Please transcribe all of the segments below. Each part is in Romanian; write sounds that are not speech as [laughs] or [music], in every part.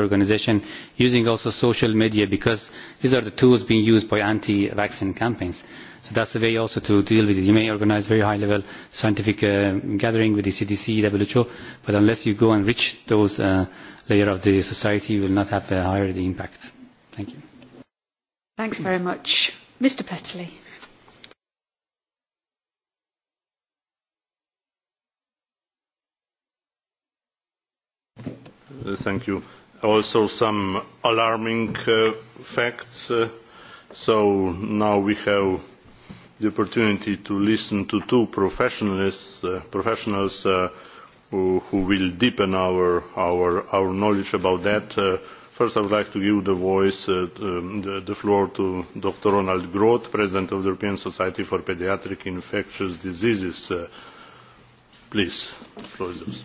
organisation using also social media because these are the tools being used by anti-vaccine campaigns. So that's a way also to deal with it. You may organise very high-level scientific uh, gathering with the CDC, WHO, but unless you go and reach those uh, layer of the society, you will not have a uh, higher the impact. Thank you. Thanks very much. Mr. Petley. Uh, thank you also some alarming uh, facts. Uh, so now we have the opportunity to listen to two uh, professionals, uh, professionals who, who, will deepen our, our, our knowledge about that. Uh, first, I would like to give the voice, uh, um, the, the, floor to Dr. Ronald Groth, President of the European Society for Pediatric Infectious Diseases. please, the floor is yours.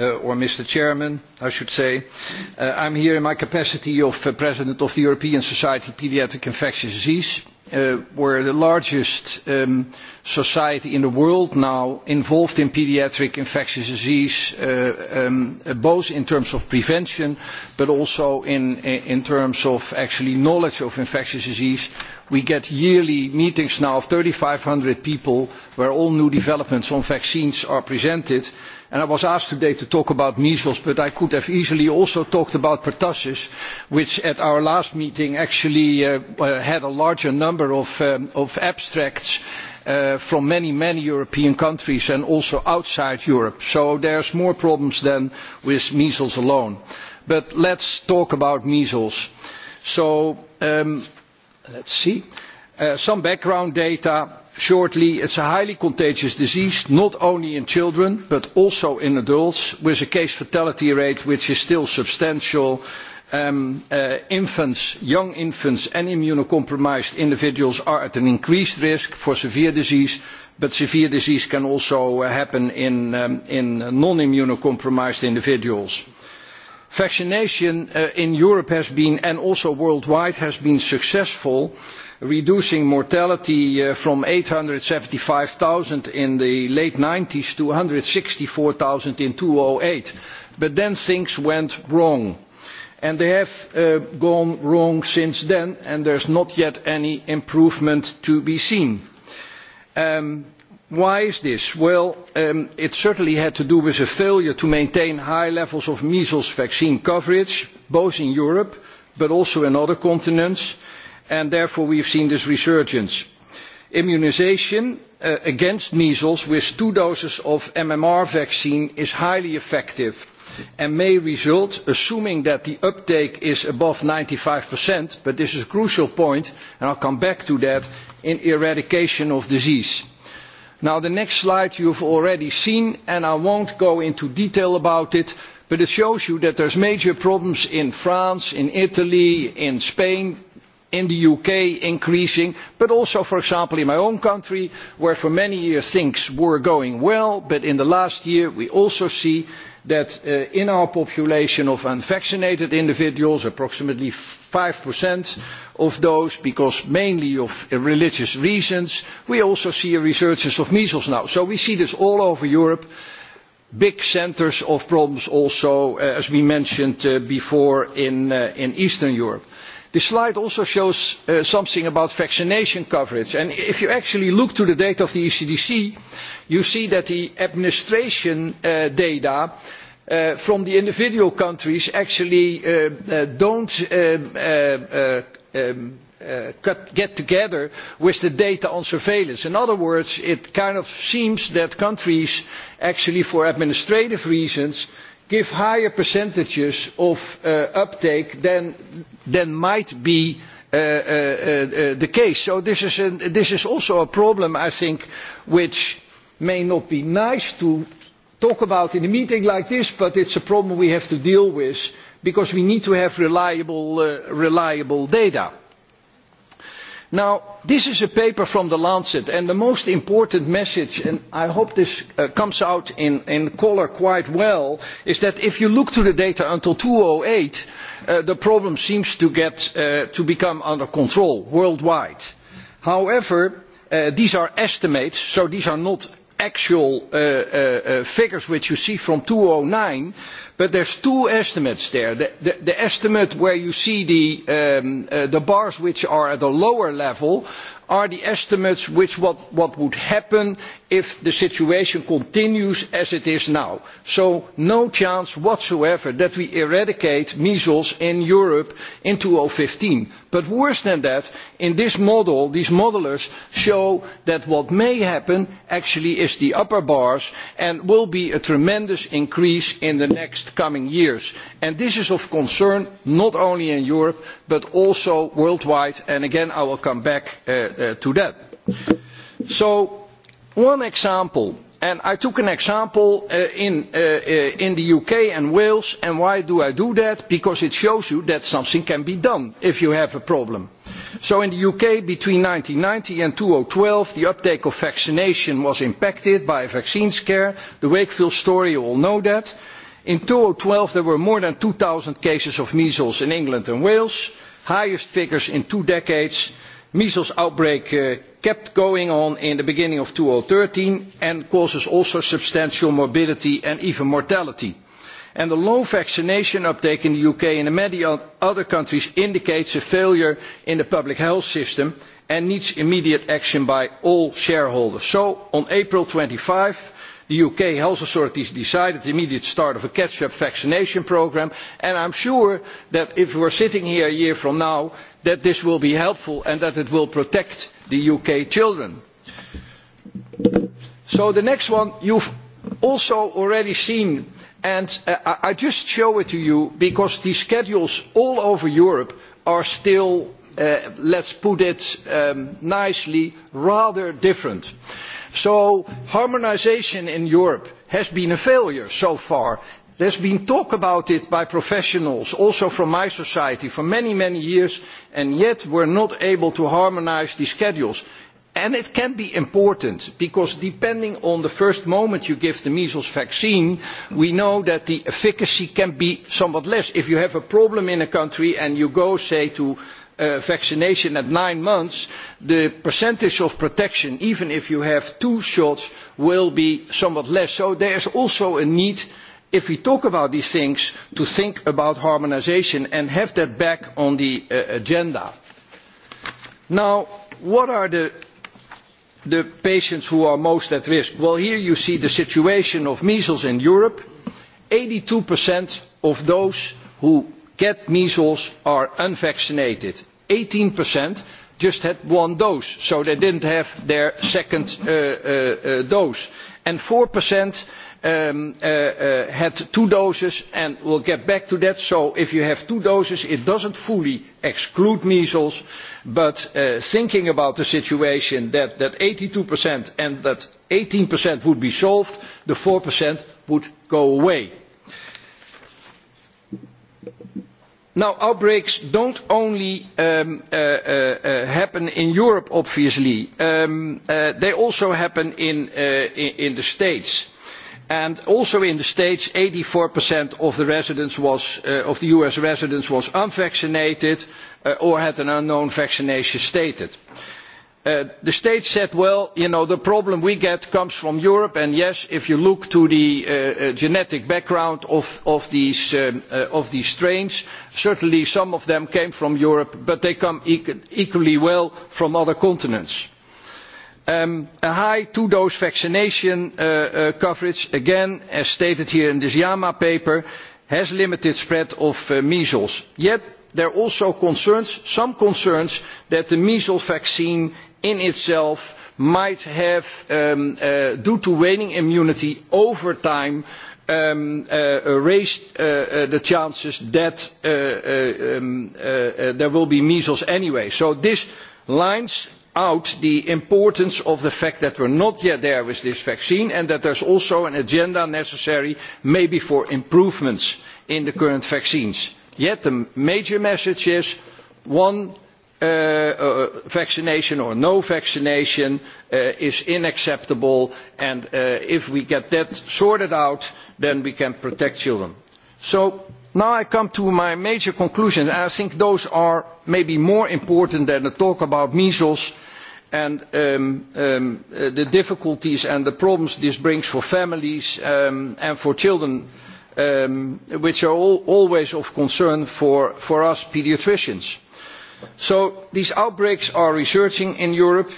Uh, or Mr. Chairman, I should say. i uh, I'm here in my capacity of uh, President of the European Society of Pediatric Infectious Diseases, we we're the largest um, society in the world now involved in pediatric infectious disease, um, both in terms of prevention, but also in, in terms of actually knowledge of infectious disease. We get yearly meetings now of 3,500 people where all new developments on vaccines are presented And I was asked today to talk about measles, but I could have easily also talked about pertussis, which at our last meeting actually uh, uh, had a larger number of, um, abstracts uh, from many, many European countries and also outside Europe. So there are more problems than with measles alone. But let us talk about measles. So um, let's see. some background data shortly, it's a highly contagious disease, not only in children, but also in adults, with a case fatality rate which is still substantial. Um, uh, infants, young infants and immunocompromised individuals are at an increased risk for severe disease, but severe disease can also uh, happen um, in, non-immunocompromised individuals. Vaccination uh, in Europe has been, and also worldwide, has been successful reducing mortality uh, seventy from 875,000 in the late 90s to 164,000 in 2008. But then things went wrong. And they have uh, gone wrong since then, and there is not yet any improvement to be seen. Um, why is this? well um, it certainly had to do with a failure to maintain high levels of measles vaccine coverage both in europe but also in other continents and therefore we have seen this resurgence. immunisation uh, against measles with two doses of mmr vaccine is highly effective and may result assuming that the uptake is above ninety five but this is a crucial point and i will come back to that in eradication of disease. Now, the next slide you have already seen and i will not go into detail about it but it shows you that there are major problems in france in italy in spain in the uk increasing but also for example in my own country where for many years things were going well but in the last year we also see that uh, in our population of unvaccinated individuals approximately five of those because mainly of religious reasons we also see a resurgence of measles now. so we see this all over europe big centres of problems also uh, as we mentioned uh, before in eastern europe the slide also shows uh, something about vaccination coverage and if you actually look to the data of the ecdc you see that the administration uh, data uh, from the individual countries actually do not um, um, um, get together with the data on surveillance. In other words, it kind of seems that countries actually for administrative reasons give higher percentages of uh, uptake than, than might be uh, uh, uh, uh the case. So this is, this is also a problem, I think, which may not be nice to talk about in a meeting like this, but it's a problem we have to deal with because we need to have reliable, uh, reliable data. Now, this is a paper from The Lancet, and the most important message, and I hope this uh, comes out in, colour color quite well, is that if you look to the data until 2008, eight uh, the problem seems to, get, uh, to become under control worldwide. However, these are estimates, so these are not actual figures which you see from 2009, But there's two estimates there. The, the, the estimate where you see the, um, uh, the bars which are at a lower level are the estimates which what, what would happen if the situation continues as it is now. So no chance whatsoever that we eradicate measles in Europe in 2015 but worse than that in this model these modellers show that what may happen actually is the upper bars and will be a tremendous increase in the next coming years and this is of concern not only in europe but also worldwide and again i will come back uh, uh, to that. so one example i took an example uh, uh, uh, in, the uk and wales and why do i do that? because it shows you that something can be done if you have a problem. so in the uk between one thousand nine hundred and ninety and two thousand and twelve the uptake of vaccination was impacted by a vaccine scare the wakefield story you all know that. in two thousand and twelve there were more than two zero cases of measles in england and wales highest figures in two decades measles outbreak uh, kept going on in the beginning of two thousand and thirteen and also substantial morbidity and even mortality. And the low vaccination uptake in the UK and in many other countries indicates a failure in the public health system and needs immediate action by all shareholders. So on twenty five April the uk health authorities decided on the immediate start of a catch up vaccination programme and i am sure that if we were sitting here a year from now that this will be helpful and that it will protect the uk children. so the next one you have also already seen and uh, i just show it to you because the schedules all over europe are still uh, let us put it um, nicely rather different. so harmonisation in europe has been a failure so far there has been talk about it by professionals also from my society for many many years and yet we are not able to harmonise the schedules. And it can be important because depending on the first moment you give the measles vaccine we know that the efficacy can be somewhat less. if you have a problem in a country and you go say to uh, vaccination at nine months the percentage of protection even if you have two shots will be somewhat less. so there is also a need if we talk about these things to think about harmonisation and have that back on the uh, agenda. now what are the, patients who are most at risk? well here you see the situation of measles in europe. eighty two of those who get measles are unvaccinated. eighteen just had one dose so they did not have their second uh, uh, dose and four Um, uh, uh, had two doses and we will get back to that so if you have two doses it does not fully exclude measles but uh, thinking about the situation that eighty two and that eighteen would be solved the four would go away. Now, outbreaks do not only um, happen in europe obviously um, they also happen in the states and also in the states eighty four of the, uh, of the us residents was unvaccinated uh, or had an unknown vaccination status. Uh, the states said well you know the problem we get comes from europe and yes if you look to the uh, genetic background of, these, um, of these strains certainly some of them came from europe but they come equally well from other continents Um, a high two dose vaccination uh, uh, coverage again as stated here in this jama paper has limited the spread of uh, measles yet there are also concerns some concerns that the measles vaccine in itself might have um, due to waning immunity over time um, raised the chances that there will be measles anyway. so this lines out the importance of the fact that we are not yet there with this vaccine and that there is also an agenda necessary maybe for improvements in the current vaccines. yet the major message is one uh, uh, vaccination or no vaccination uh, is unacceptable and if we get that sorted out then we can protect children. so now i come to my major conclusions and i think those are maybe more important than the talk about measles and um, um, uh, the difficulties and the problems this brings for families um, and for children, which are always of concern for, for us paediatricians. So these outbreaks are resurging in Europe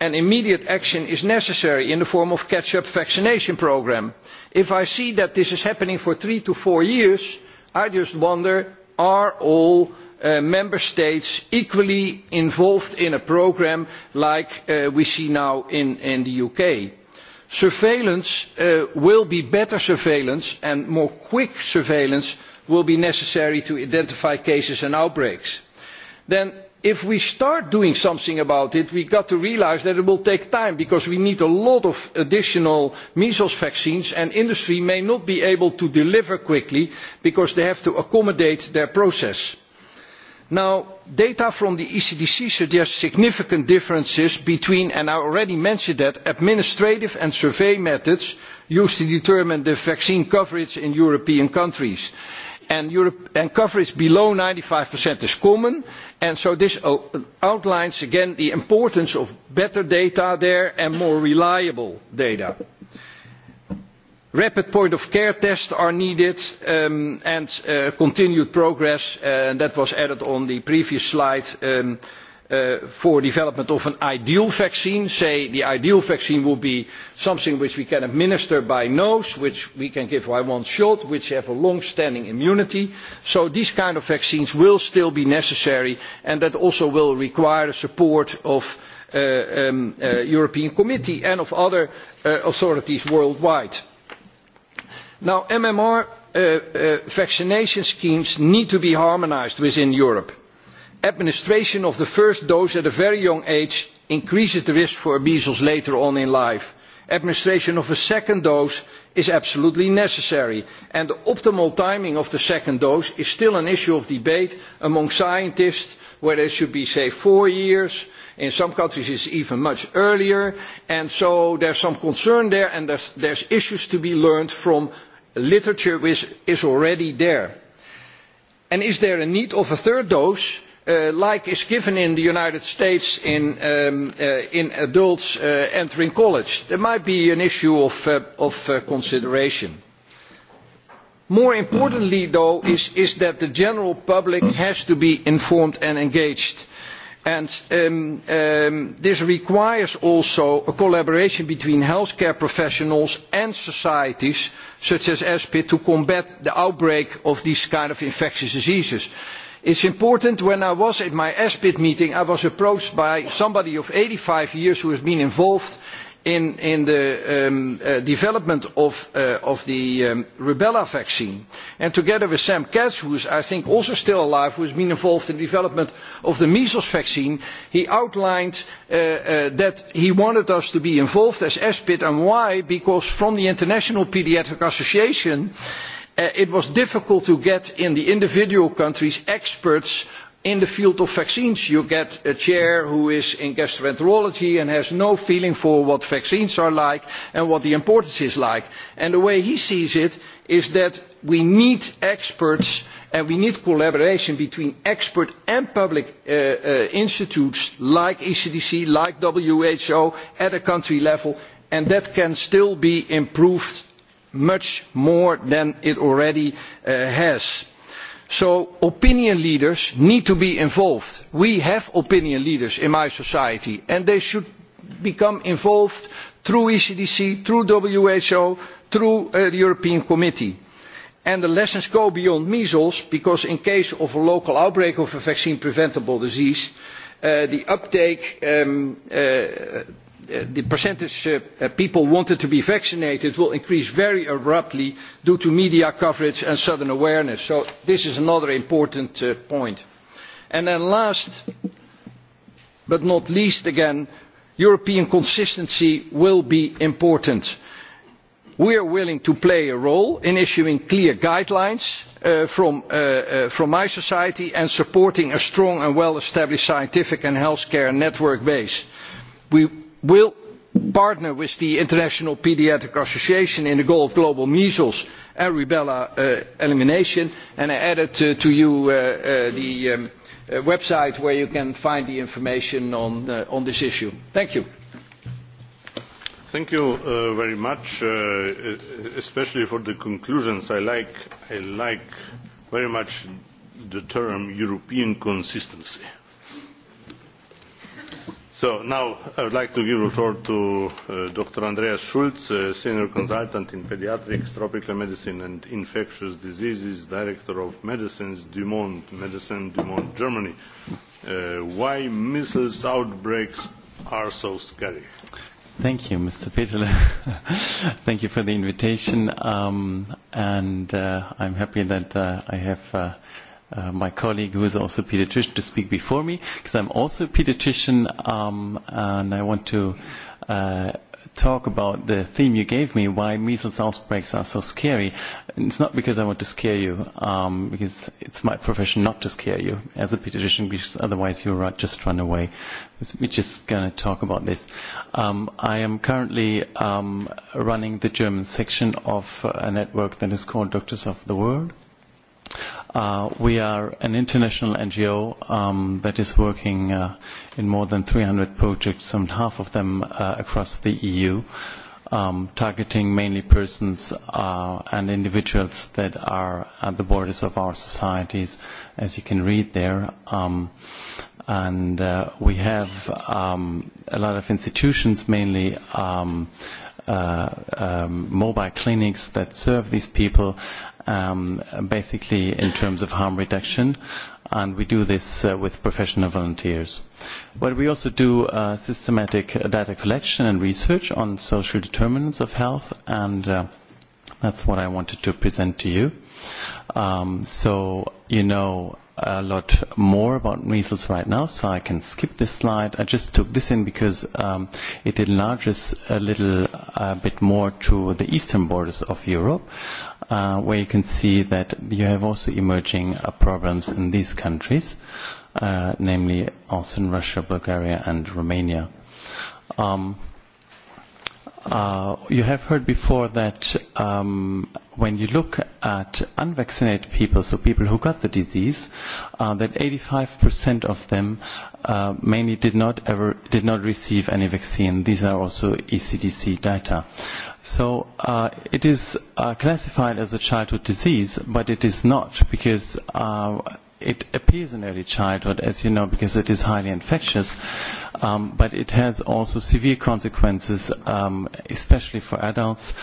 and immediate action is necessary in the form of a catch-up vaccination programme. If I see that this is happening for three to four years, I just wonder are all uh, member states equally involved in a programme like uh, we see now in, the uk? surveillance uh, will be better surveillance and more quick surveillance will be necessary to identify cases and outbreaks. then if we start doing something about it we have to realise that it will take time because we need a lot of additional measles vaccines and industry may not be able to deliver quickly because they have to accommodate their process. Now, data from the ecdc suggests significant differences between and i already mentioned that administrative and survey methods used to determine the vaccine coverage in european countries and, coverage below ninety five is common and so this uh, outlines again the importance of better data there and more reliable data. rapid point of care tests are needed um, and uh, continued progress uh, and that was added on the previous slide um, Uh, eh, for development of an ideal vaccine say the ideal vaccine would be something which we can administer by nose which we can give by one shot which has a long standing immunity so these kinds of vaccines will still be necessary and that also will require the support of the eh, um, eh, european committee and of other authorities worldwide. mmr vaccination schemes need to be harmonised within europe administration of the first dose at a very young age increases the risk for measles later on in life. administration of a second dose is absolutely necessary and the optimal timing of the second dose is still an issue of debate among scientists whether it should be say four years in some countries it is even much earlier and so there is some concern there and there are issues to be learned from literature which is already there. is there a need for a third dose? Eh, like is given in the united states in, um, eh, adults eh, entering college. there might be an issue of, consideration. more importantly though is, that the general public has to be informed and engaged and um, um, this requires also a collaboration between healthcare professionals and societies such as espid to combat the outbreak of these kinds of infectious diseases it is important when i was at my aspid meeting i was approached by somebody of eighty five years who has been involved in, the um, uh, development of, uh, the um, rubella vaccine and together with sam katz who is i think also still alive who has been involved in the development of the measles vaccine he outlined uh, that he wanted us to be involved as aspid and why because from the international paediatric association Uh, it was difficult to get in the individual countries experts in the field of vaccines you get a chair who is in gastroenterology and has no feeling for what vaccines are like and what the importance is like and the way he sees it is that we need experts and we need collaboration between expert and public uh, uh, institutes like ecdc like who at a country level and that can still be improved much more than it already uh, has. So opinion leaders need to be involved. We have opinion leaders in my society and they should become involved through ECDC, through WHO, through uh, the European Committee. And the lessons go beyond measles because in case of a local outbreak of a vaccine preventable disease, uh, the uptake um, Uh, the percentage of uh, uh, people wanted to be vaccinated will increase very abruptly due to media coverage and sudden awareness. so this is another important point. And then last but not least again european consistency will be important. we are willing to play a role in issuing clear guidelines uh, from, uh, uh, from my society and supporting a strong and well established scientific and healthcare network base. we will partner with the international paediatric association in the goal of global measles and rubella uh, elimination and i added uh, to you uh, the um, website where you can find the information on, this issue. thank you. thank you very much especially for the conclusions. I like very much the term european consistency' So now i would like to give the floor to uh, dr andreas schulz uh, senior consultant in paediatrics tropical medicine and infectious diseases director of medicines DuMont, monde DuMont, germany uh, why measles outbreaks are so scary. thank you mr peterle [laughs] thank you for the invitation um, and i'm happy that i have uh, my colleague who is also a pediatrician to speak before me because I'm also a pediatrician um, and I want to uh, talk about the theme you gave me, why measles outbreaks are so scary. And it's not because I want to scare you, um, because it's my profession not to scare you as a pediatrician, because otherwise you will just run away. We're just going to talk about this. Um, I am currently um, running the German section of a network that is called Doctors of the World. Uh, we are an international NGO um, that is working uh, in more than 300 projects, some half of them uh, across the EU, um, targeting mainly persons uh, and individuals that are at the borders of our societies, as you can read there. Um, and uh, we have um, a lot of institutions, mainly. Um, uh, um, mobile clinics that serve these people um, basically in terms of harm reduction and we do this uh, with professional volunteers. But we also do uh, systematic data collection and research on social determinants of health and uh, that's what I wanted to present to you. Um, so you know a lot more about measles right now, so I can skip this slide. I just took this in because um, it enlarges a little a bit more to the eastern borders of Europe, uh, where you can see that you have also emerging uh, problems in these countries, uh, namely also in Russia, Bulgaria, and Romania. Um, Uh, you have heard before that um, when you look at unvaccinated people, so people who got the disease, uh, that 85% of them uh, mainly did not ever did not receive any vaccine. These are also ECDC data. So uh, it is uh, classified as a childhood disease, but it is not because. Uh, it appears in early childhood, as you know, because it is highly infectious, um, but it has also severe consequences, um, especially for adults.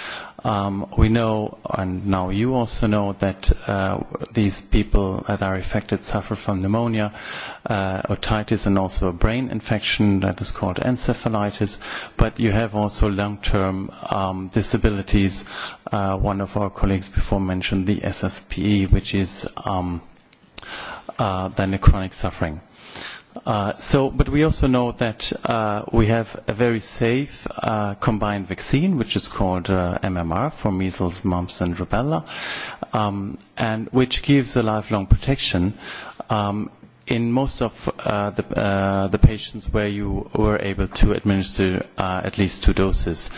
Um, we know, and now you also know, that uh, these people that are affected suffer from pneumonia, uh, otitis, and also a brain infection that is called encephalitis. But you have also long-term um, disabilities. Uh, one of our colleagues before mentioned the SSPE, which is um, Uh, than a chronic suffering. Uh, so, but we also know that uh, we have a very safe uh, combined vaccine, which is called uh, MMR for measles, mumps, and rubella, um, and which gives a lifelong protection um, in most of uh, the, uh, the patients where you were able to administer uh, at least two doses.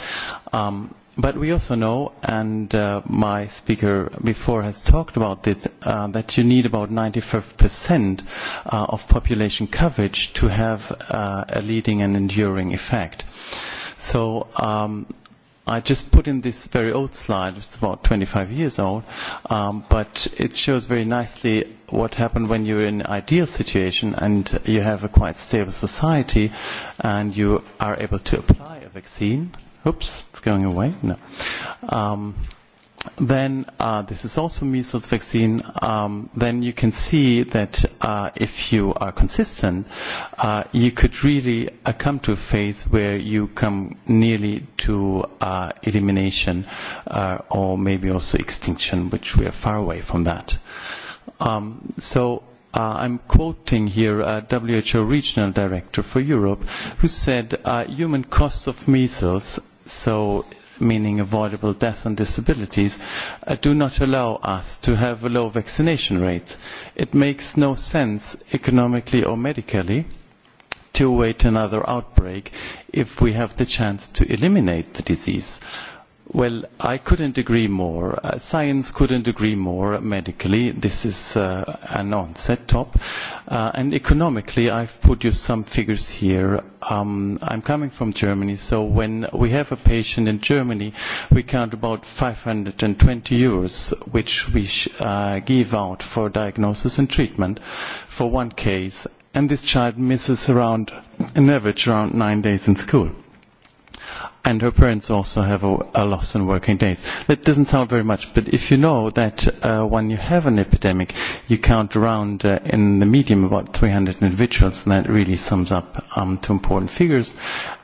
Um, But we also know, and uh, my speaker before has talked about this, uh, that you need about 95% uh, of population coverage to have uh, a leading and enduring effect. So um, I just put in this very old slide, it's about 25 years old, um, but it shows very nicely what happened when you're in an ideal situation and you have a quite stable society and you are able to apply a vaccine Oops, it's going away. No. Um, then uh, this is also measles vaccine, um, then you can see that uh, if you are consistent, uh, you could really uh, come to a phase where you come nearly to uh, elimination uh, or maybe also extinction, which we are far away from that. Um, so uh, I'm quoting here a uh, WHO regional director for Europe who said uh, human costs of measles so meaning avoidable death and disabilities, uh, do not allow us to have a low vaccination rate. It makes no sense economically or medically to wait another outbreak if we have the chance to eliminate the disease. Well, I couldn't agree more. Uh, science couldn't agree more medically. This is uh, an onset top. Uh, and economically, I've put you some figures here. Um, I'm coming from Germany, so when we have a patient in Germany, we count about 520 euros, which we sh uh, give out for diagnosis and treatment for one case. And this child misses around, an average, around nine days in school and her parents also have a, a loss in working days. That doesn't sound very much, but if you know that uh, when you have an epidemic, you count around uh, in the medium about 300 individuals, and that really sums up um, to important figures.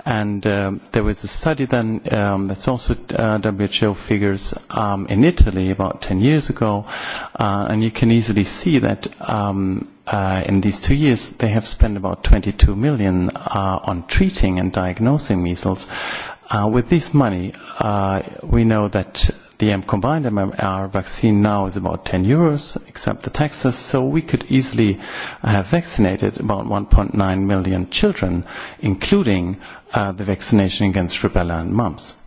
And um, there was a study then um, that's also uh, WHO figures um, in Italy about 10 years ago, uh, and you can easily see that um, uh, in these two years, they have spent about 22 million uh, on treating and diagnosing measles Uh, with this money, uh, we know that the M combined MMR vaccine now is about 10 euros, except the taxes, so we could easily have vaccinated about 1.9 million children, including uh, the vaccination against rubella and mumps.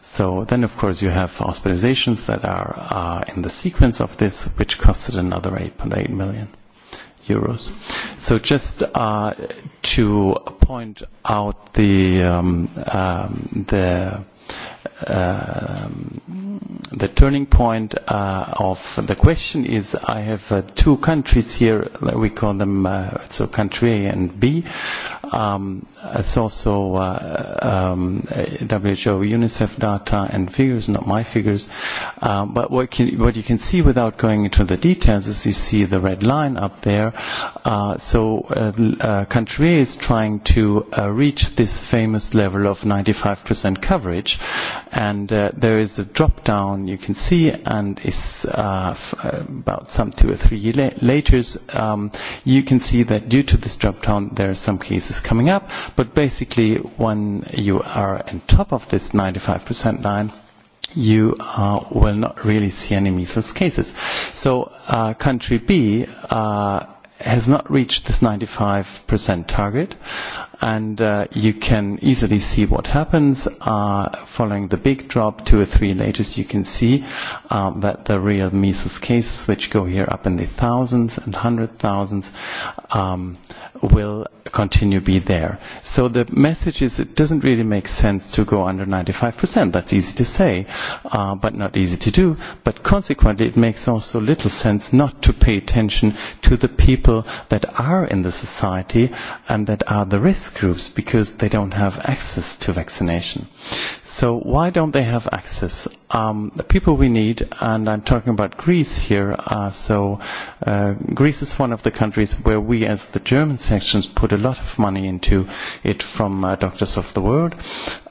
So then, of course, you have hospitalizations that are uh, in the sequence of this, which costed another 8.8 million euros. So just uh, to point out the, um, um, the Um, the turning point uh, of the question is I have uh, two countries here we call them uh, so country A and B um, it's also uh, um, WHO UNICEF data and figures not my figures um, but what, can, what you can see without going into the details is you see the red line up there uh, so uh, uh, country A is trying to uh, reach this famous level of 95% coverage and uh, there is a drop down you can see and it's uh, f uh, about some two or three years la later um, you can see that due to this drop down there are some cases coming up but basically when you are on top of this 95% line you uh, will not really see any measles cases. So uh, country B uh, has not reached this 95% target and uh, you can easily see what happens uh, following the big drop two or three latest you can see um, that the real measles cases which go here up in the thousands and hundred thousands um, will continue be there so the message is it doesn't really make sense to go under 95% that's easy to say uh, but not easy to do but consequently it makes also little sense not to pay attention to the people that are in the society and that are the risk groups because they don't have access to vaccination. So why don't they have access? Um, the people we need, and I'm talking about Greece here, uh, so uh, Greece is one of the countries where we as the German sections put a lot of money into it from uh, Doctors of the World.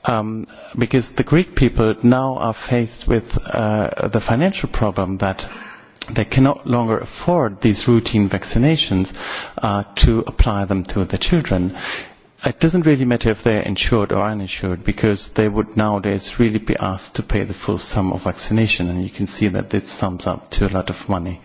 Um, because the Greek people now are faced with uh, the financial problem that they cannot longer afford these routine vaccinations uh, to apply them to the children it doesn't really matter if they're insured or uninsured because they would nowadays really be asked to pay the full sum of vaccination and you can see that it sums up to a lot of money.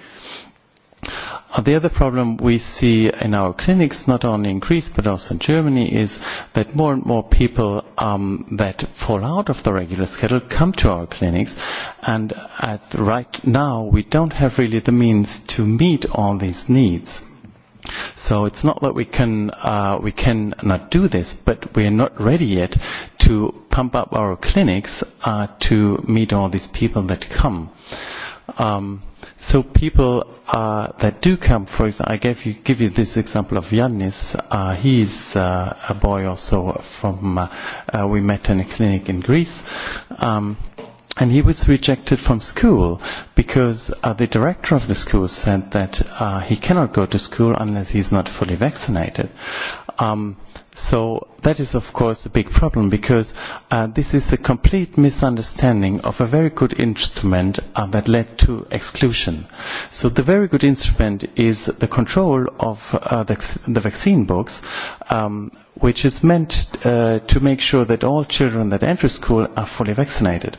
Uh, the other problem we see in our clinics, not only in Greece but also in Germany, is that more and more people um, that fall out of the regular schedule come to our clinics, and at right now we don't have really the means to meet all these needs. So it's not that we can uh, we can not do this, but we are not ready yet to pump up our clinics uh, to meet all these people that come. Um, so people uh, that do come, for example, I gave you, give you this example of Yannis. Uh, he's uh, a boy also from uh, uh, we met in a clinic in Greece. Um, and he was rejected from school because uh, the director of the school said that uh, he cannot go to school unless he's not fully vaccinated. Um, so that is of course a big problem because uh, this is a complete misunderstanding of a very good instrument uh, that led to exclusion. So the very good instrument is the control of uh, the, the vaccine books um, which is meant uh, to make sure that all children that enter school are fully vaccinated.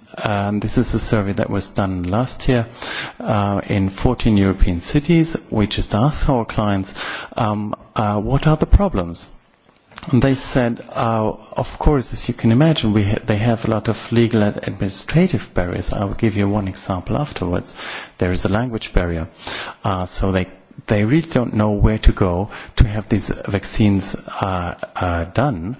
Um, this is a survey that was done last year uh, in 14 European cities. We just asked our clients, um, uh, what are the problems? And they said, uh, of course, as you can imagine, we ha they have a lot of legal and administrative barriers. I will give you one example afterwards. There is a language barrier. Uh, so they, they really don't know where to go to have these vaccines uh, uh, done.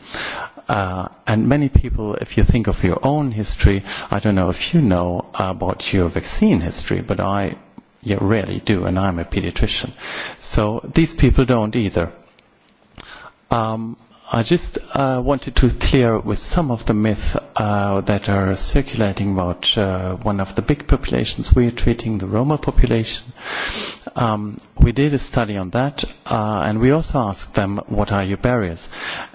Uh, and many people, if you think of your own history, I don't know if you know about your vaccine history, but I you rarely do, and I'm a pediatrician. So these people don't either. Um, I just uh, wanted to clear with some of the myths uh, that are circulating about uh, one of the big populations we are treating, the Roma population. Um, we did a study on that, uh, and we also asked them, what are your barriers?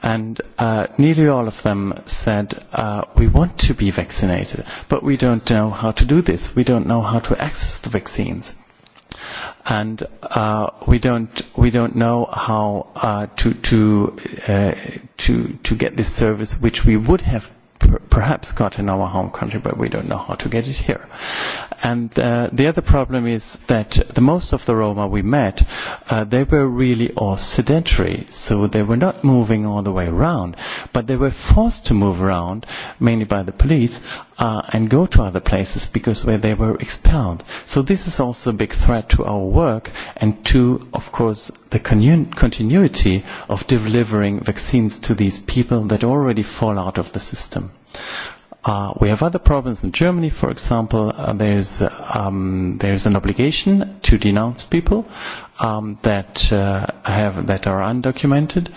And uh, nearly all of them said, uh, we want to be vaccinated, but we don't know how to do this. We don't know how to access the vaccines and uh, we don't we don't know how uh, to to uh, to to get this service which we would have perhaps got in our home country but we don't know how to get it here and uh, the other problem is that the most of the Roma we met uh, they were really all sedentary so they were not moving all the way around but they were forced to move around mainly by the police uh, and go to other places because where they were expelled. So this is also a big threat to our work and to, of course, the continuity of delivering vaccines to these people that already fall out of the system. Uh, we have other problems in Germany, for example. Uh, there's um, there's an obligation to denounce people um, that uh, have that are undocumented.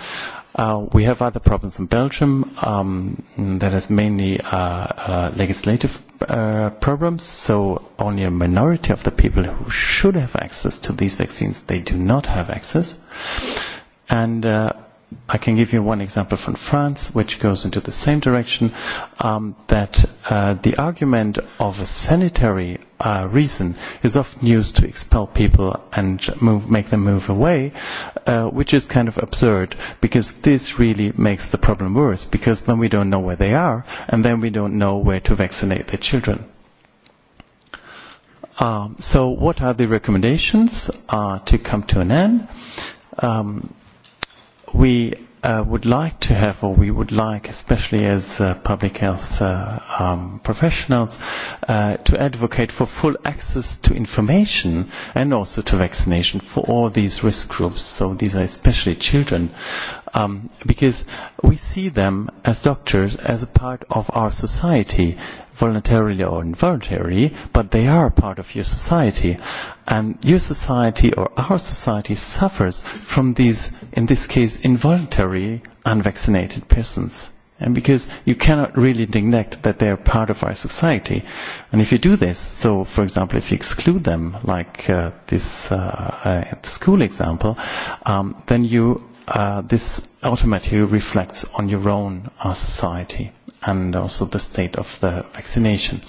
Uh, we have other problems in Belgium um, that is mainly uh, uh, legislative uh, problems. So only a minority of the people who should have access to these vaccines, they do not have access. And uh, I can give you one example from France, which goes into the same direction, um, that uh, the argument of a sanitary uh, reason is often used to expel people and move, make them move away, uh, which is kind of absurd because this really makes the problem worse because then we don't know where they are and then we don't know where to vaccinate their children. Um, so what are the recommendations uh, to come to an end? Um, we uh, would like to have, or we would like, especially as uh, public health uh, um, professionals, uh, to advocate for full access to information and also to vaccination for all these risk groups. So these are especially children, um, because we see them as doctors as a part of our society voluntarily or involuntarily, but they are part of your society. And your society or our society suffers from these, in this case, involuntary unvaccinated persons. And because you cannot really neglect that they are part of our society. And if you do this, so for example, if you exclude them, like uh, this uh, uh, school example, um, then you, uh, this automatically reflects on your own uh, society and also the state of the vaccination.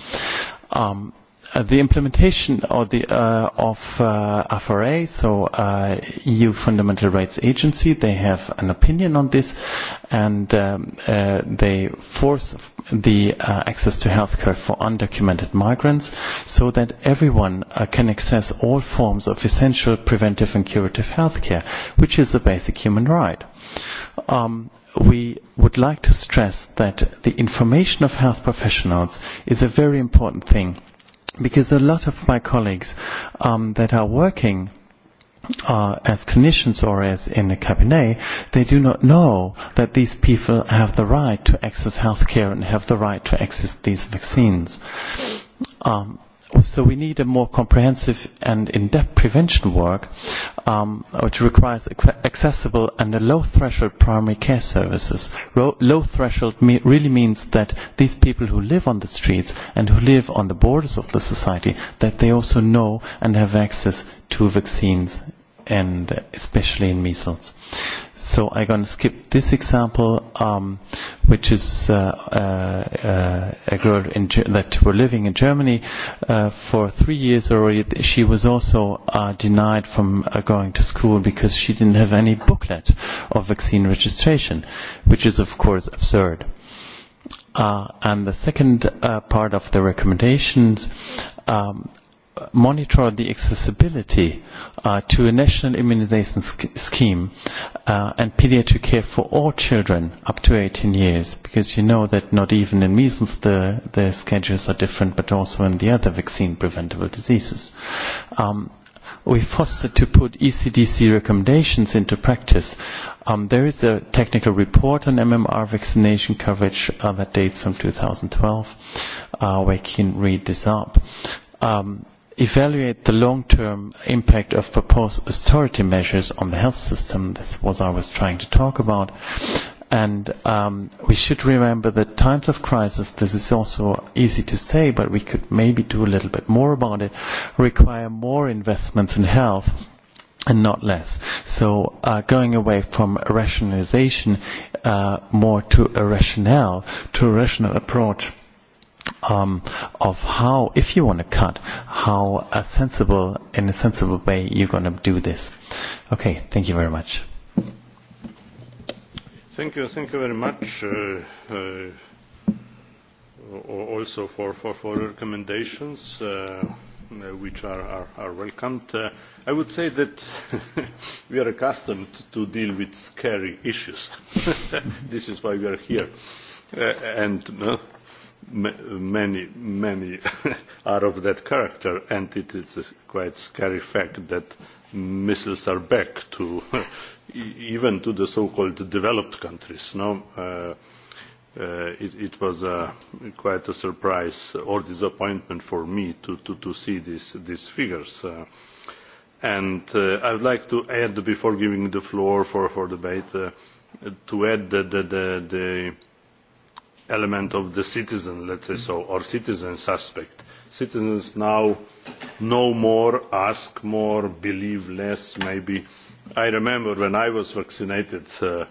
Um, uh, the implementation of the uh, of uh, FRA, so uh, EU Fundamental Rights Agency, they have an opinion on this, and um, uh, they force the uh, access to healthcare for undocumented migrants, so that everyone uh, can access all forms of essential preventive and curative healthcare, which is a basic human right. Um, we would like to stress that the information of health professionals is a very important thing because a lot of my colleagues um, that are working uh, as clinicians or as in a cabinet, they do not know that these people have the right to access healthcare and have the right to access these vaccines. Um, so we need a more comprehensive and in-depth prevention work um, which requires accessible and a low threshold primary care services. low threshold really means that these people who live on the streets and who live on the borders of the society, that they also know and have access to vaccines and especially in measles. So I'm going to skip this example, um, which is uh, uh, a girl in Ge that were living in Germany uh, for three years already. She was also uh, denied from uh, going to school because she didn't have any booklet of vaccine registration, which is of course absurd. Uh, and the second uh, part of the recommendations um, monitor the accessibility uh, to a national immunization sc scheme uh, and pediatric care for all children up to 18 years because you know that not even in measles the, the schedules are different but also in the other vaccine preventable diseases. Um, we fostered to put ECDC recommendations into practice. Um, there is a technical report on MMR vaccination coverage uh, that dates from 2012 uh, where you can read this up. Um, evaluate the long-term impact of proposed austerity measures on the health system. That's what I was trying to talk about. And um, we should remember that times of crisis, this is also easy to say, but we could maybe do a little bit more about it, require more investments in health and not less. So uh, going away from rationalization uh, more to a rationale, to a rational approach um, of how, if you want to cut, how a uh, sensible, in a sensible way, you're going to do this. Okay, thank you very much. Thank you, thank you very much. Uh, uh, also for, for, for recommendations, uh, which are, are, are welcomed. Uh, I would say that [laughs] we are accustomed to deal with scary issues. [laughs] this is why we are here. Uh, and. Uh, many many [laughs] are of that character and it is a quite scary fact that missiles are back to [laughs] even to the so-called developed countries no uh, uh, it, it was quite a surprise or disappointment for me to, to, to see these, these figures. Uh, and uh, I would like to add, before giving the floor for, for debate, uh, to add that the, the, the element of the citizen let us say so or citizen suspect. citizens now know more ask more believe less maybe. i remember when i was vaccinated uh,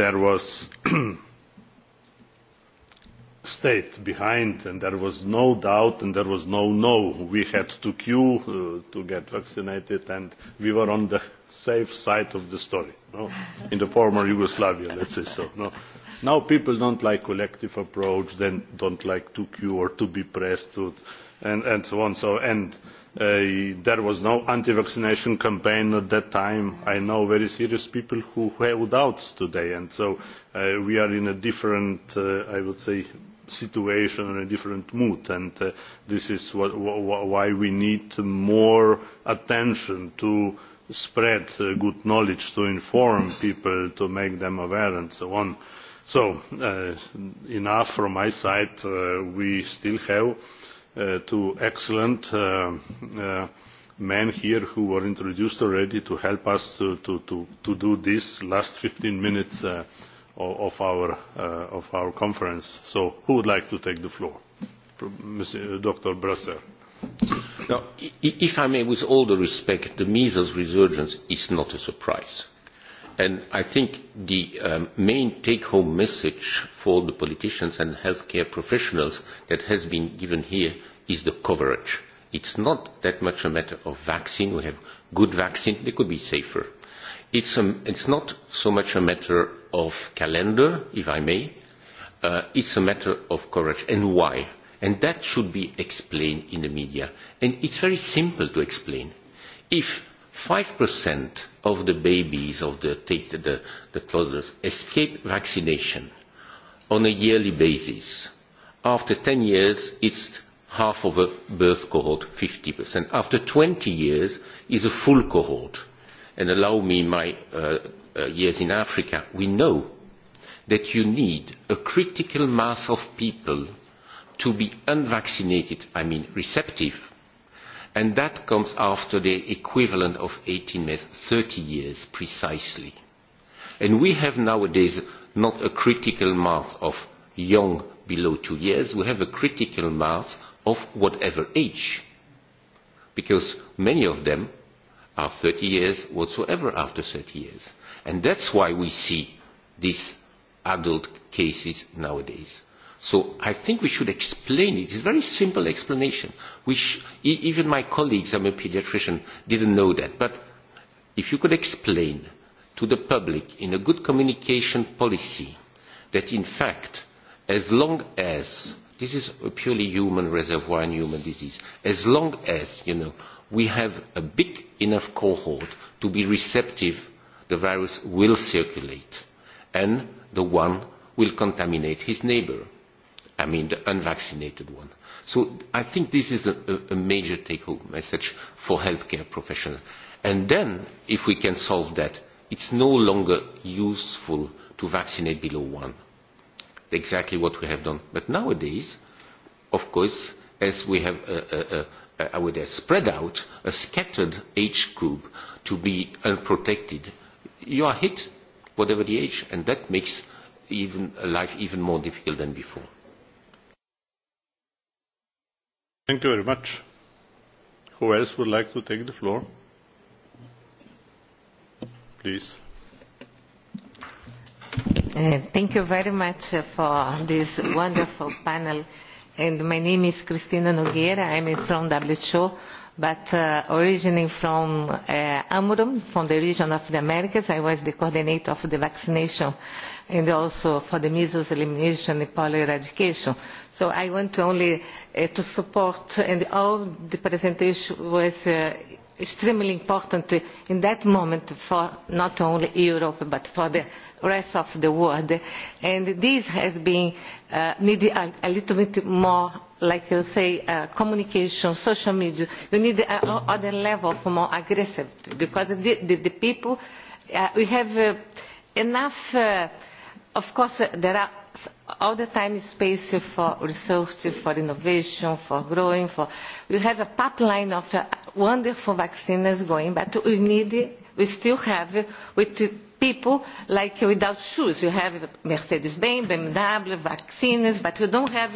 there was [clears throat] state behind and there was no doubt and there was no no. we had to queue uh, to get vaccinated and we were on the safe side of the story no? in the former yugoslavia let us say so. No? now people don't like collective approach they don't like to queue or to be pressed and, so on so and uh, there was no anti vaccination campaign at that time. i know very serious people who have doubts today and so uh, we are in a different uh, i would say situation and a different mood and this is why we need more attention to spread good knowledge to inform people to make them aware and so on so uh, enough from my side. Uh, we still have uh, two excellent men here who were introduced already to help us to, do this last fifteen minutes of, our, conference. So who would like to take the floor? Dr. Brasser. if I may, with all due respect, the measles resurgence is not a surprise And I think the um, main take-home message for the politicians and healthcare professionals that has been given here is the coverage. It's not that much a matter of vaccine. We have good vaccine. They could be safer. It's, a, um, it's not so much a matter of calendar, if I may. Uh, it's a matter of courage. And why? And that should be explained in the media. And it's very simple to explain. If 5% of the babies, of the, the, the toddlers, escape vaccination on a yearly basis. After 10 years, it's half of a birth cohort, 50%. After 20 years is a full cohort. And allow me my uh, uh, years in Africa, we know that you need a critical mass of people to be unvaccinated, I mean receptive, and that comes after the equivalent of 18 months, 30 years precisely. And we have nowadays not a critical mass of young below two years, we have a critical mass of whatever age. Because many of them are 30 years whatsoever after 30 years. And that's why we see these adult cases nowadays. So I think we should explain it. It's a very simple explanation. We sh even my colleagues, I'm a pediatrician, didn't know that. But if you could explain to the public in a good communication policy that in fact, as long as this is a purely human reservoir and human disease, as long as, you know, we have a big enough cohort to be receptive, the virus will circulate and the one will contaminate his neighbor I mean the unvaccinated one. So I think this is a, a major take-home message for healthcare professionals. And then, if we can solve that, it's no longer useful to vaccinate below one. Exactly what we have done. But nowadays, of course, as we have a, a, a, I would have spread out a scattered age group to be unprotected, you are hit, whatever the age, and that makes even life even more difficult than before. Thank you very much. Who else would like to take the floor? Please. Uh, thank you very much for this wonderful panel and my name is Cristina Nogueira. I'm from WHO, but uh, originating from uh, Amurum, from the region of the Americas. I was the coordinator of the vaccination and also for the measles elimination and polio eradication. So I want only uh, to support, and all the presentation was uh, extremely important at that moment not only for europe but for the rest of the world and this has been uh, needed a, little bit more like you say uh, communication social media you need another level of more aggressiveness because the, people uh, we have uh, enough of course there are all the time space for research, for innovation, for growing. For we have a pipeline of uh, wonderful vaccines going, but we need, we still have with people like without shoes. You have Mercedes-Benz, BMW, vaccines, but you don't have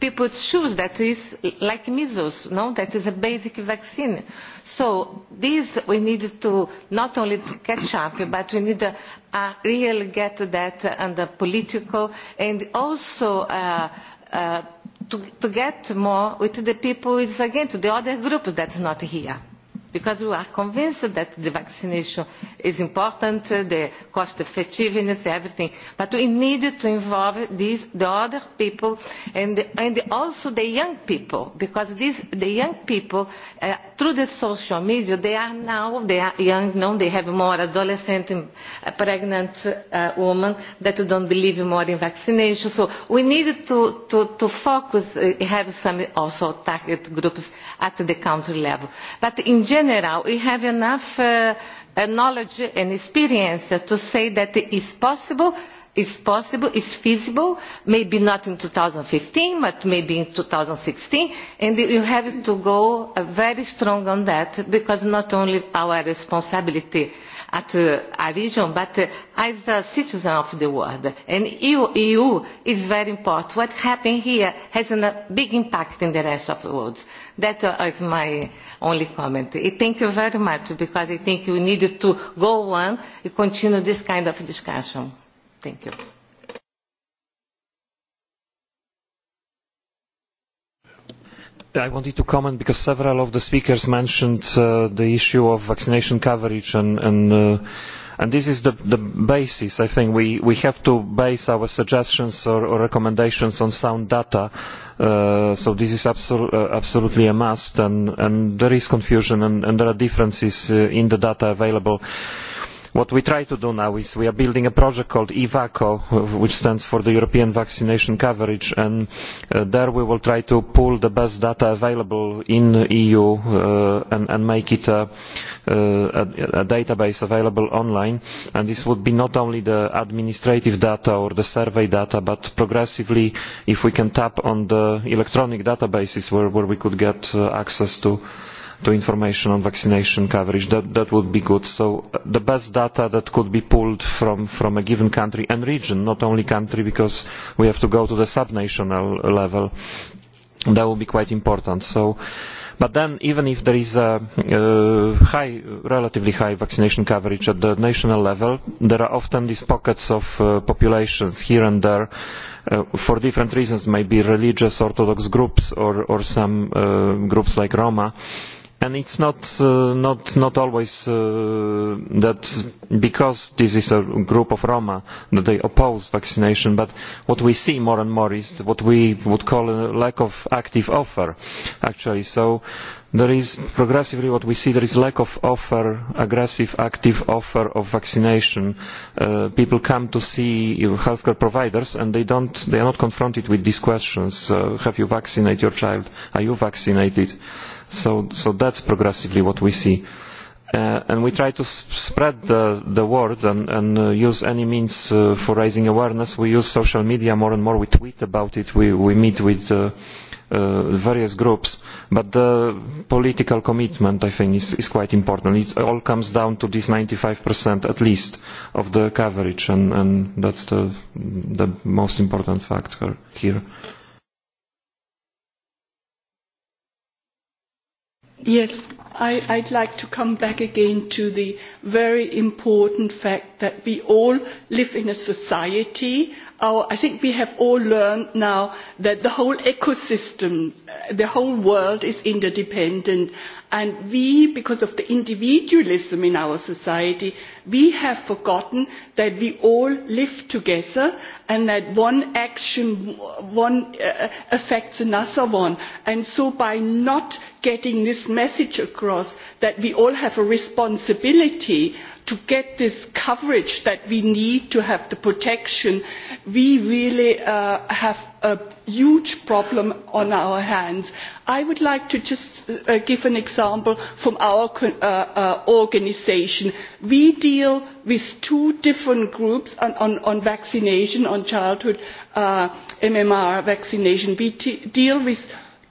people's shoes that is like measles, no? That is a basic vaccine. So this we need to not only to catch up, but we need to uh, really get that under political and also uh, uh, to, to get more with the people is again to the other groups that's not here because we are convinced that the vaccination is important uh, the cost effectiveness everything but we need to involve these, the other people and, and also the young people because these, the young people uh, through the social media, they are now, they are young now, they have more adolescent and uh, pregnant uh, women that don't believe more in vaccination. So we need to, to, to focus, uh, have some also target groups at the country level. But in general, we have enough uh, uh knowledge and experience to say that it is possible is possible is feasible maybe not in two thousand and fifteen but maybe in two thousand and sixteen and you have to go uh, very strong on that because not only our responsibility at a uh, region but uh, as a citizen of the world and EU, EU is very important. What happened here has a big impact in the rest of the world. That is my only comment. I thank you very much because I think you need to go on and continue this kind of discussion. Thank you. I wanted to comment because several of the speakers mentioned uh, the issue of vaccination coverage and, and, uh, and this is the, the basis. I think we, we have to base our suggestions or, or recommendations on sound data. Uh, so this is absol uh, absolutely a must and, and there is confusion and, and there are differences uh, in the data available. Uh, What we try to do now is we are building a project called EVACO, which stands for the European Vaccination Coverage, and uh, there we will try to pull the best data available in the EU uh, and, and make it a, uh, a, a database available online. And this would be not only the administrative data or the survey data, but progressively, if we can tap on the electronic databases where, where we could get uh, access to uh, to information on vaccination coverage. That, that would be good. So uh, the best data that could be pulled from, from a given country and region, not only country, because we have to go to the subnational level. That will be quite important. So, but then even if there is a uh, high, relatively high vaccination coverage at the national level, there are often these pockets of uh, populations here and there uh, for different reasons, maybe religious orthodox groups or, or some uh, groups like Roma, and it's not uh, not not always uh, that because this is a group of Roma that they oppose vaccination. But what we see more and more is what we would call a lack of active offer, actually. So there is progressively what we see there is lack of offer, aggressive, active offer of vaccination. Uh, people come to see healthcare providers and they don't they are not confronted with these questions: uh, Have you vaccinated your child? Are you vaccinated? So, so that's progressively what we see. Uh, and we try to sp spread the, the word and, and uh, use any means uh, for raising awareness. We use social media more and more. We tweet about it. We, we meet with uh, uh, various groups. But the political commitment, I think, is, is quite important. it all comes down to this 95% at least of the coverage, and, and that's the, the most important factor here. Yes, I, I'd like to come back again to the very important fact that we all live in a society. Our, I think we have all learned now that the whole ecosystem, uh, the whole world is interdependent and we because of the individualism in our society we have forgotten that we all live together and that one action one uh, affects another one and so by not getting this message across that we all have a responsibility to get this coverage that we need to have the protection we really uh, have a huge problem on our hands. i would like to just uh, uh, give an example from our uh, organisation. we deal with two different groups on, on vaccination on childhood mmr vaccination. we deal with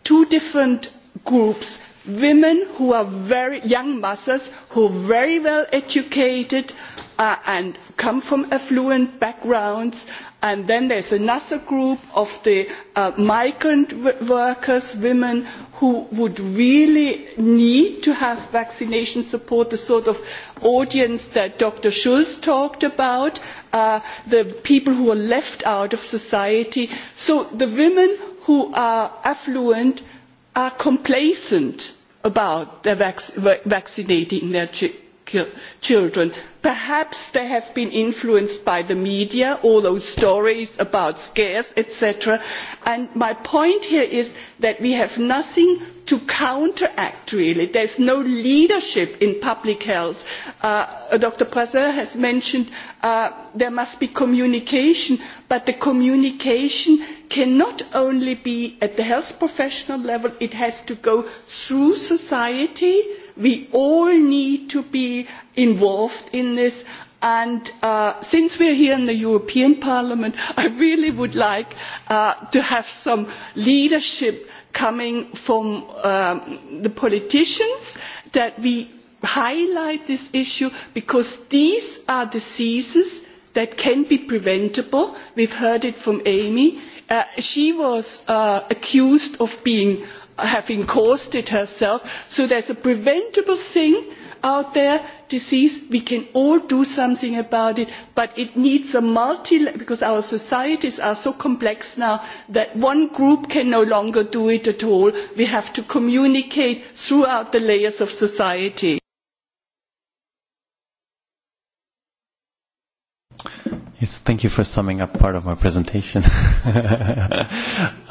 two different groups women who are very young mothers who are very well educated Uh, and come from affluent backgrounds and then there is another group of the uh, migrant workers women who would really need to have vaccination support the sort of audience that dr schulz talked about uh, the people who are left out of society. so the women who are affluent are complacent about vaccinating their children. perhaps they have been influenced by the media all those stories about scares etc. and my point here is that we have nothing to counteract really. there is no leadership in public health. Uh, dr brazil has mentioned uh, there must be communication but the communication cannot only be at the health professional level it has to go through society we all need to be involved in this and uh, since we are here in the european parliament i really would like uh, to have some leadership coming from um, the politicians that we highlight this issue because these are diseases that can be preventable we have heard it from amy uh, she was accused of being having caused it herself so there is a preventable thing out there disease we can all do something about it but it needs a multi because our societies are so complex now that one group can no longer do it at all we have to communicate throughout the layers of society. Yes, thank you for summing up part of my presentation. [laughs]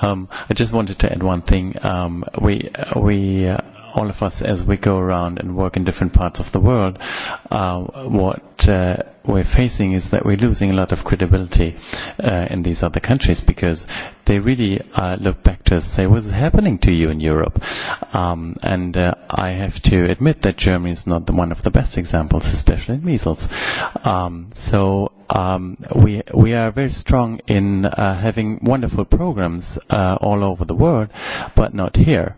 um, I just wanted to add one thing. Um, we, we, uh, all of us, as we go around and work in different parts of the world, uh, what uh, we're facing is that we're losing a lot of credibility uh, in these other countries because they really uh, look back to us and say, what's happening to you in Europe? Um, and uh, I have to admit that Germany is not the, one of the best examples, especially in measles. Um, so um, we we are very strong in uh, having wonderful programs uh, all over the world, but not here.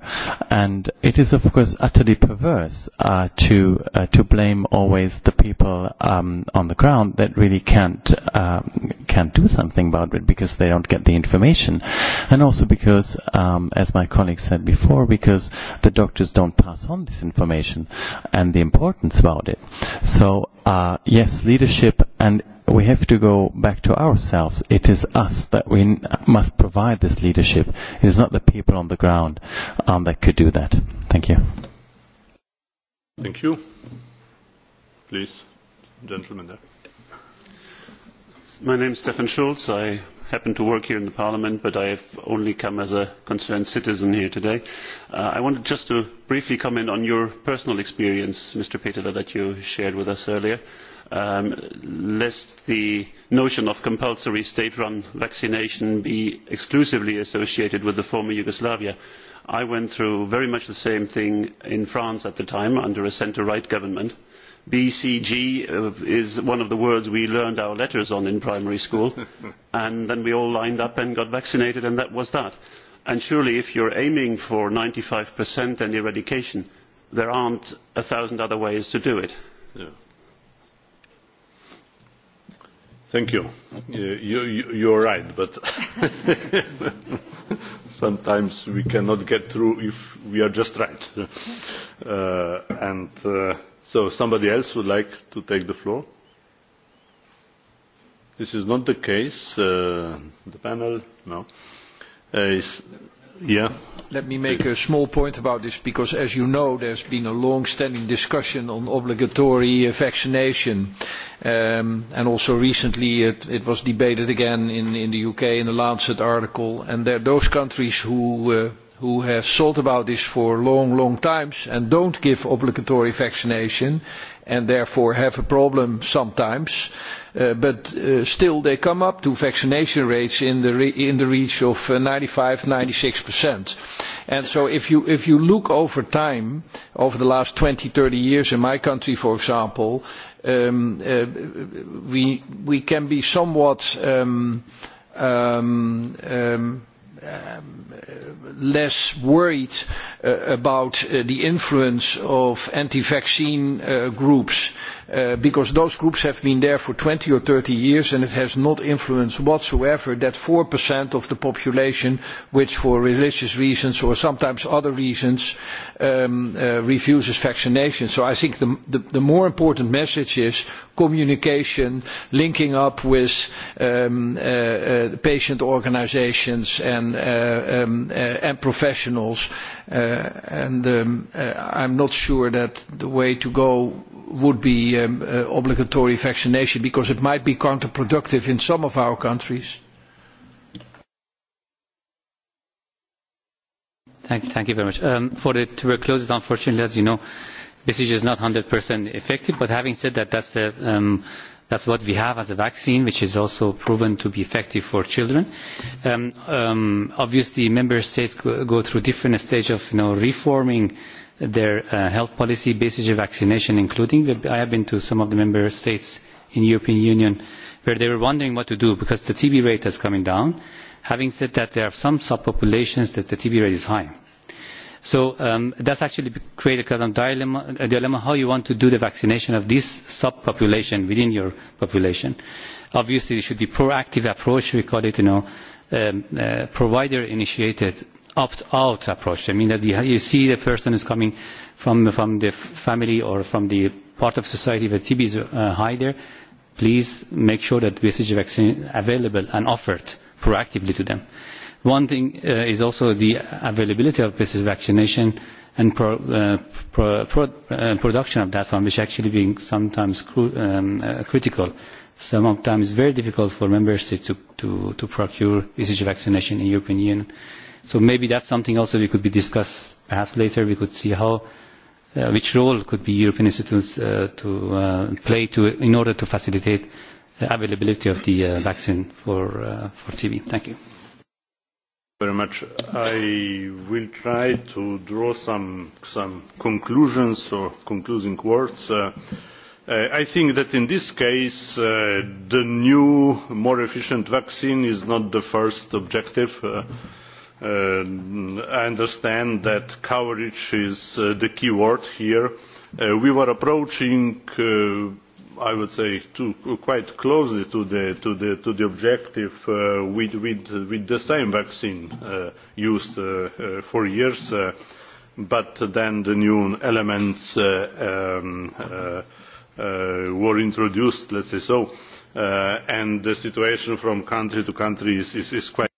And it is of course utterly perverse uh, to uh, to blame always the people um, on the ground that really can't um, can't do something about it because they don't get the information, and also because, um, as my colleague said before, because the doctors don't pass on this information and the importance about it. So uh, yes, leadership And we have to go back to ourselves. It is us that we must provide this leadership. It is not the people on the ground um, that could do that. Thank you. Thank you. Please, gentlemen there. My name is Stefan Schulz. I happen to work here in the Parliament, but I have only come as a concerned citizen here today. Uh, I wanted just to briefly comment on your personal experience, Mr. Peter, that you shared with us earlier. Um, lest the notion of compulsory state run vaccination be exclusively associated with the former yugoslavia. i went through very much the same thing in france at the time under a centre right government. bcg uh, is one of the words we learned our letters on in primary school [laughs] and then we all lined up and got vaccinated and that was that. And surely if you are aiming for ninety five and eradication there are not a thousand other ways to do it. Thank you. you, you right, but [laughs] sometimes we cannot get through if we are just right. Uh, and uh, so somebody else would like to take the floor? This is not the case. Uh, the panel? No. Let me make a small point about this because, as you know, there has been a long-standing discussion on obligatory vaccination, um, and also recently it, was debated again in, the UK in the Lancet article. And there, those countries who uh, who have thought about this for long, long times and don't give obligatory vaccination and therefore have a problem sometimes. Uh, but uh, still they come up to vaccination rates in the, re in the reach of uh, 95, 96%. And so if you, if you look over time, over the last 20, 30 years in my country, for example, um, uh, we, we can be somewhat um, um, um, Um, uh, less worried uh, about uh, the influence of anti-vaccine groups because those groups have been there for 20 or 30 years and it has not influenced whatsoever that 4% of the population which for religious reasons or sometimes other reasons um, refuses vaccination. So I think the, more important message is communication, linking up with um, patient organisations and and, uh, um, uh, and professionals. Uh, and um, I'm not sure that the way to go would be um, obligatory vaccination because it might be counterproductive in some of our countries. Thank, thank you very much. Um, for the tuberculosis, unfortunately, as you know, this is not 100% effective. But having said that, that's the um, That's what we have as a vaccine, which is also proven to be effective for children. Um, um, obviously, member states go through different stages of you know, reforming their uh, health policy based on vaccination, including. I have been to some of the member states in the European Union where they were wondering what to do because the TB rate is coming down. Having said that, there are some subpopulations that the TB rate is high So um, that's actually created a dilemma, a dilemma how you want to do the vaccination of this subpopulation within your population. Obviously, it should be proactive approach. We call it, you know, um, uh, provider-initiated opt-out approach. I mean that you, you see the person is coming from, from the family or from the part of society where TB is uh, high there. Please make sure that BCG vaccine is available and offered proactively to them. One thing uh, is also the availability of PCV vaccination and pro, uh, pro, pro, uh, production of that one, which actually being sometimes cru um, uh, critical. Sometimes it's very difficult for member states to, to, to procure ECG vaccination in European Union. So maybe that's something also we could be discuss perhaps later. We could see how, uh, which role could be European institutes uh, to uh, play to, in order to facilitate the availability of the uh, vaccine for, uh, for TB. Thank you very much. I will try to draw some, some conclusions or concluding words. Uh, uh, I think that in this case, uh, the new, more efficient vaccine is not the first objective. Uh, uh, I understand that coverage is uh, the key word here. Uh, we were approaching uh, i would say quite closely to the, to the, to the objective uh, with, with, with the same vaccine uh, used uh, for years but then the new elements um, were introduced let's say so and the situation from country to country is quite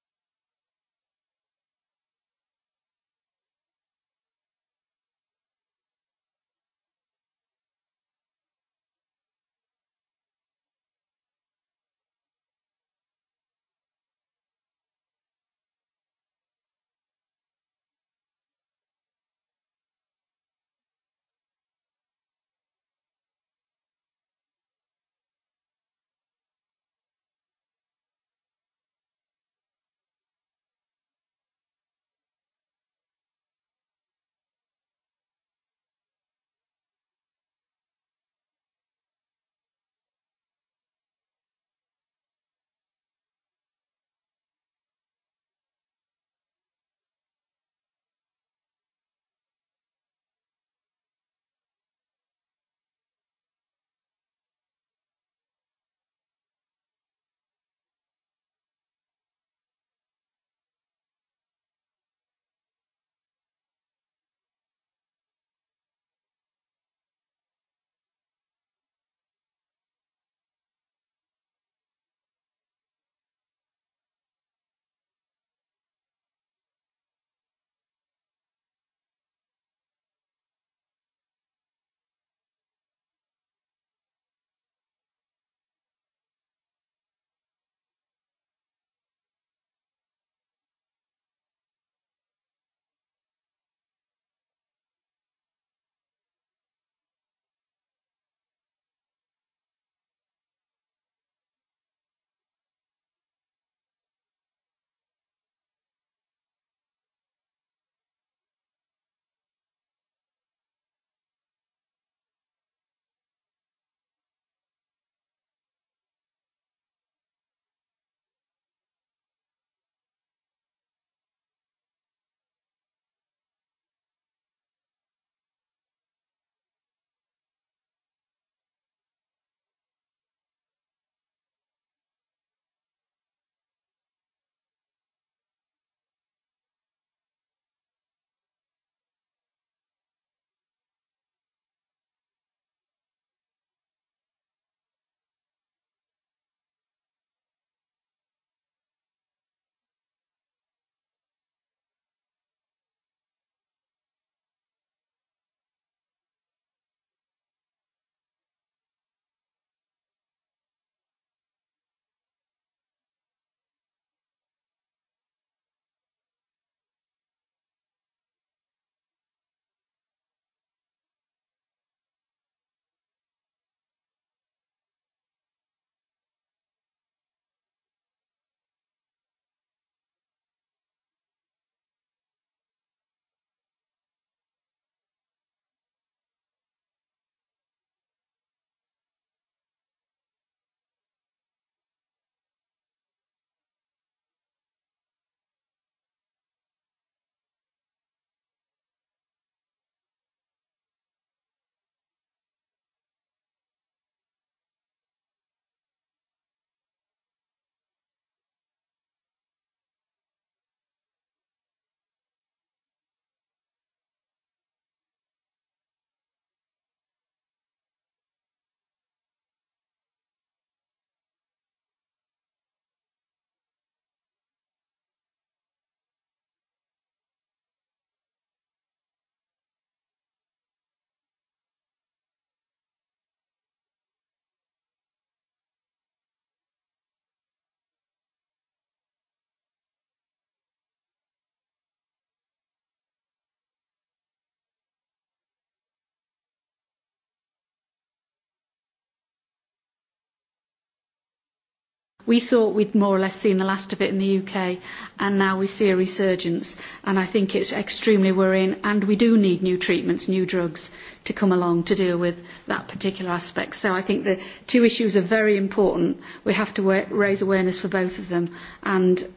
We thought we'd more or less seen the last of it in the UK, and now we see a resurgence, and I think it's extremely worrying, and we do need new treatments, new drugs to come along to deal with that particular aspect. So I think the two issues are very important. We have to raise awareness for both of them, and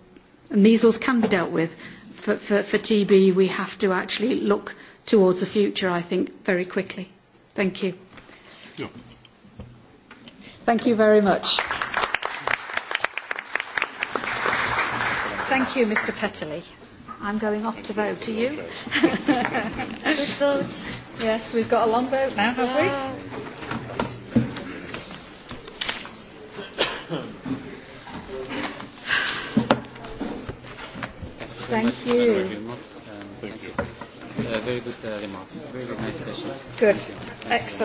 measles can be dealt with. For, for, for TB, we have to actually look towards the future, I think, very quickly. Thank you. Yeah. Thank you very much. Thank you, Mr. Petterly. I'm going off to vote. Are you? Good vote. Yes, we've got a long vote now, have we? Thank you. Thank you. Uh, very good uh, remarks. Very good, nice session. Good. Excellent.